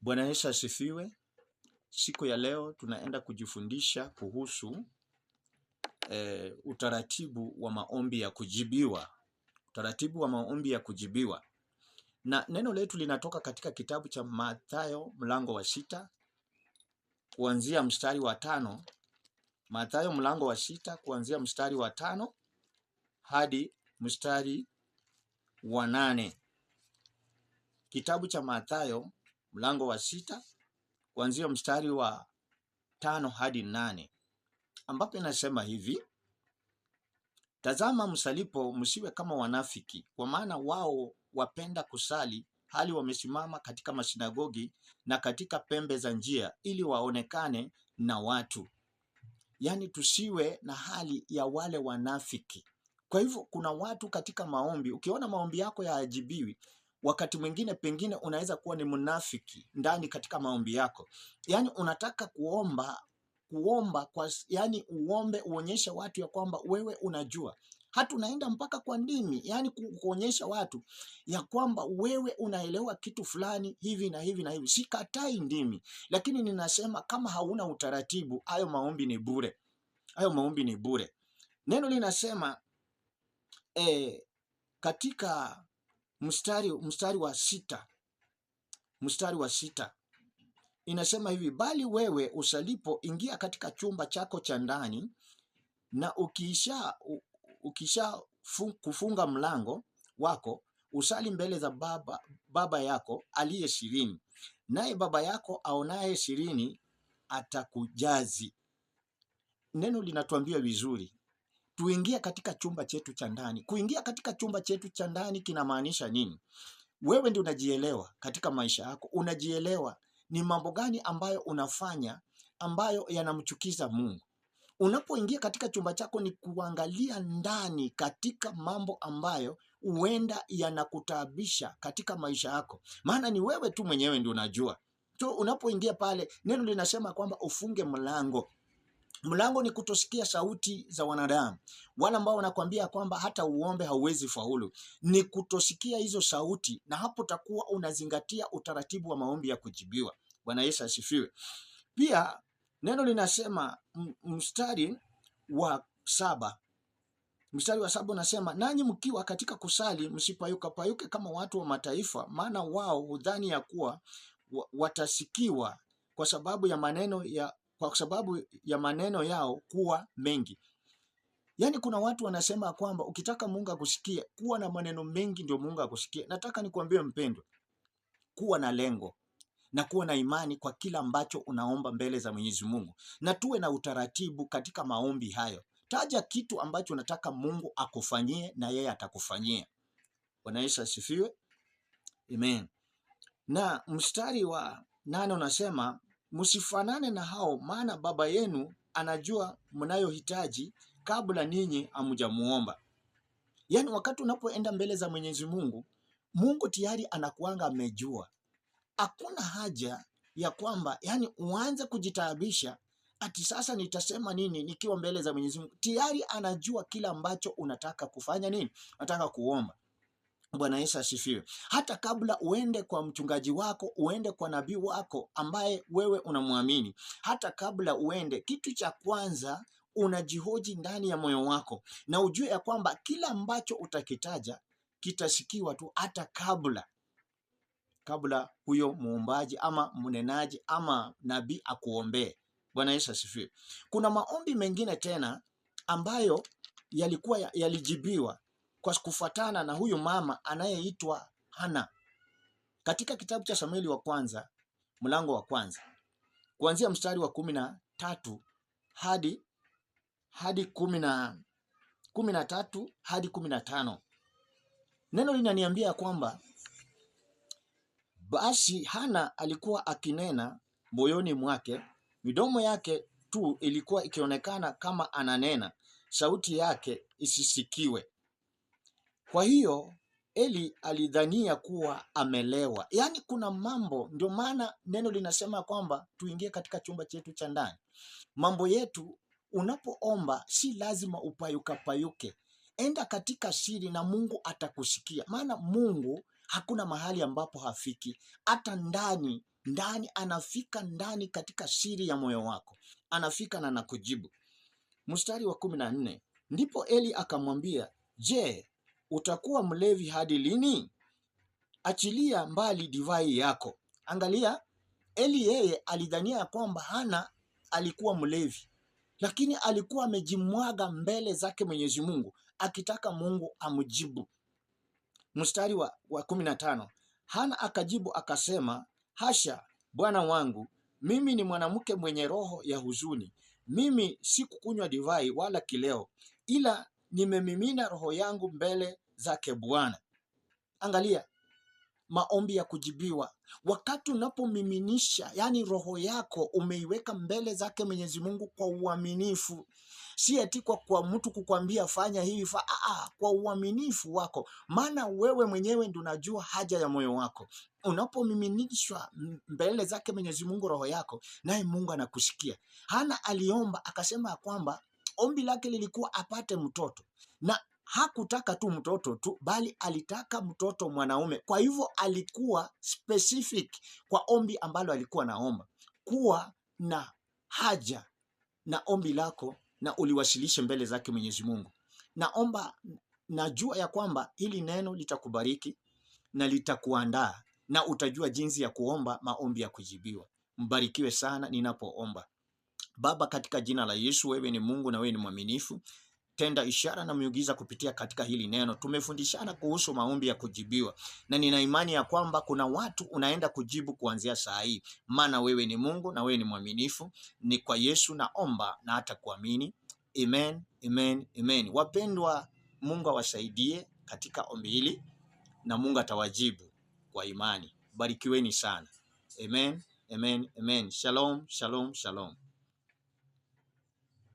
Bwana Yesu asifiwe. Siku ya leo tunaenda kujifundisha kuhusu e, utaratibu wa maombi ya kujibiwa, utaratibu wa maombi ya kujibiwa, na neno letu linatoka katika kitabu cha Mathayo mlango wa sita kuanzia mstari wa tano. Mathayo mlango wa sita kuanzia mstari wa tano hadi mstari wa nane. Kitabu cha Mathayo mlango wa sita kuanzia mstari wa tano hadi nane ambapo inasema hivi: Tazama, msalipo msiwe kama wanafiki, kwa maana wao wapenda kusali hali wamesimama katika masinagogi na katika pembe za njia, ili waonekane na watu. Yaani tusiwe na hali ya wale wanafiki. Kwa hivyo kuna watu katika maombi, ukiona maombi yako yaajibiwi, wakati mwingine pengine unaweza kuwa ni mnafiki ndani katika maombi yako, yaani unataka kuomba kuomba kwa, yani uombe uonyeshe watu ya kwamba wewe unajua. Hata unaenda mpaka kwa ndimi, yani kuonyesha watu ya kwamba wewe unaelewa kitu fulani hivi na hivi na hivi. Sikatai ndimi, lakini ninasema kama hauna utaratibu, hayo maombi ni bure, hayo maombi ni bure. Neno linasema eh, katika mstari, mstari wa sita mstari wa sita inasema hivi, bali wewe usalipo ingia katika chumba chako cha ndani na ukisha, ukisha kufunga mlango wako usali mbele za baba, baba yako aliye sirini, naye baba yako aonaye sirini atakujazi. Neno linatuambia vizuri tuingie katika chumba chetu cha ndani. Kuingia katika chumba chetu cha ndani kinamaanisha nini? Wewe ndio unajielewa katika maisha yako, unajielewa ni mambo gani ambayo unafanya ambayo yanamchukiza Mungu. Unapoingia katika chumba chako ni kuangalia ndani katika mambo ambayo huenda yanakutaabisha katika maisha yako, maana ni wewe tu mwenyewe ndio unajua. So unapoingia pale, neno linasema kwamba ufunge mlango Mlango ni kutosikia sauti za wanadamu, wale ambao wanakuambia kwamba hata uombe hauwezi faulu. Ni kutosikia hizo sauti, na hapo takuwa unazingatia utaratibu wa maombi ya kujibiwa. Bwana Yesu asifiwe. Pia neno linasema mstari wa saba mstari wa saba unasema, nanyi mkiwa katika kusali msipayuka payuke kama watu wa mataifa, maana wao hudhani ya kuwa watasikiwa kwa sababu ya maneno ya kwa sababu ya maneno yao kuwa mengi. Yaani kuna watu wanasema kwamba ukitaka Mungu akusikie, kuwa na maneno mengi ndio Mungu akusikie. Nataka nikuambie mpendwa, kuwa na lengo na kuwa na imani kwa kila ambacho unaomba mbele za Mwenyezi Mungu, na tuwe na utaratibu katika maombi hayo. Taja kitu ambacho unataka Mungu akufanyie na yeye atakufanyia. Bwana Yesu asifiwe, amen. Na mstari wa nane unasema msifanane na hao, maana baba yenu anajua mnayohitaji kabla ninyi amujamuomba. Yaani, wakati unapoenda mbele za Mwenyezi Mungu, Mungu tayari anakuanga amejua. Hakuna haja ya kwamba yani uanze kujitaabisha ati sasa nitasema nini nikiwa mbele za Mwenyezi Mungu. Tayari anajua kila ambacho unataka kufanya nini, unataka kuomba. Bwana Yesu asifiwe. Hata kabla uende kwa mchungaji wako, uende kwa nabii wako ambaye wewe unamwamini, hata kabla uende, kitu cha kwanza unajihoji ndani ya moyo wako, na ujue ya kwamba kila ambacho utakitaja kitasikiwa tu, hata kabla kabla huyo muombaji ama mnenaji ama nabii akuombee. Bwana Yesu asifiwe. Kuna maombi mengine tena ambayo yalikuwa yalijibiwa kwa kufuatana na huyu mama anayeitwa Hana. Katika kitabu cha Samueli wa kwanza mlango wa kwanza kuanzia mstari wa kumi na tatu hadi hadi kumi na kumi na tatu hadi kumi na tano neno linaniambia kwamba basi Hana alikuwa akinena moyoni mwake, midomo yake tu ilikuwa ikionekana kama ananena, sauti yake isisikiwe. Kwa hiyo Eli alidhania kuwa amelewa, yaani kuna mambo. Ndio maana neno linasema kwamba tuingie katika chumba chetu cha ndani. Mambo yetu, unapoomba si lazima upayukapayuke, enda katika siri na Mungu atakusikia, maana Mungu hakuna mahali ambapo hafiki, hata ndani ndani anafika ndani katika siri ya moyo wako anafika na nakujibu. Mstari wa kumi na nne ndipo Eli akamwambia, je, utakuwa mlevi hadi lini? Achilia mbali divai yako. Angalia, Eli yeye alidhania ya kwamba Hana alikuwa mlevi, lakini alikuwa amejimwaga mbele zake Mwenyezi Mungu akitaka Mungu amjibu. Mstari wa, wa kumi na tano Hana akajibu akasema, hasha bwana wangu, mimi ni mwanamke mwenye roho ya huzuni, mimi sikukunywa divai wala kileo, ila nimemimina roho yangu mbele zake Bwana. Angalia maombi ya kujibiwa. Wakati unapomiminisha yani roho yako umeiweka mbele zake Mwenyezi Mungu kwa uaminifu, si ati kwa, kwa mtu kukwambia fanya hivi fa, aa, kwa uaminifu wako, maana wewe mwenyewe ndio unajua haja ya moyo wako. Unapomiminishwa mbele zake Mwenyezi Mungu roho yako, naye Mungu anakusikia. Hana aliomba akasema ya kwamba Ombi lake lilikuwa apate mtoto, na hakutaka tu mtoto tu, bali alitaka mtoto mwanaume. Kwa hivyo alikuwa specific kwa ombi ambalo alikuwa naomba. Kuwa na haja na ombi lako na uliwasilishe mbele zake Mwenyezi Mungu. Naomba, najua ya kwamba hili neno litakubariki na litakuandaa na utajua jinsi ya kuomba maombi ya kujibiwa. Mbarikiwe sana ninapoomba. Baba, katika jina la Yesu, wewe ni Mungu na wewe ni mwaminifu tenda ishara na miujiza kupitia katika hili neno. Tumefundishana kuhusu maombi ya kujibiwa, na nina imani ya kwamba kuna watu unaenda kujibu kuanzia saa hii, maana wewe ni Mungu na wewe ni mwaminifu. Ni kwa Yesu naomba na hata kuamini, amen, amen, amen. Wapendwa, Mungu awasaidie katika ombi hili na Mungu atawajibu kwa imani. Barikiweni sana, amen, amen, amen. Shalom, shalom, shalom.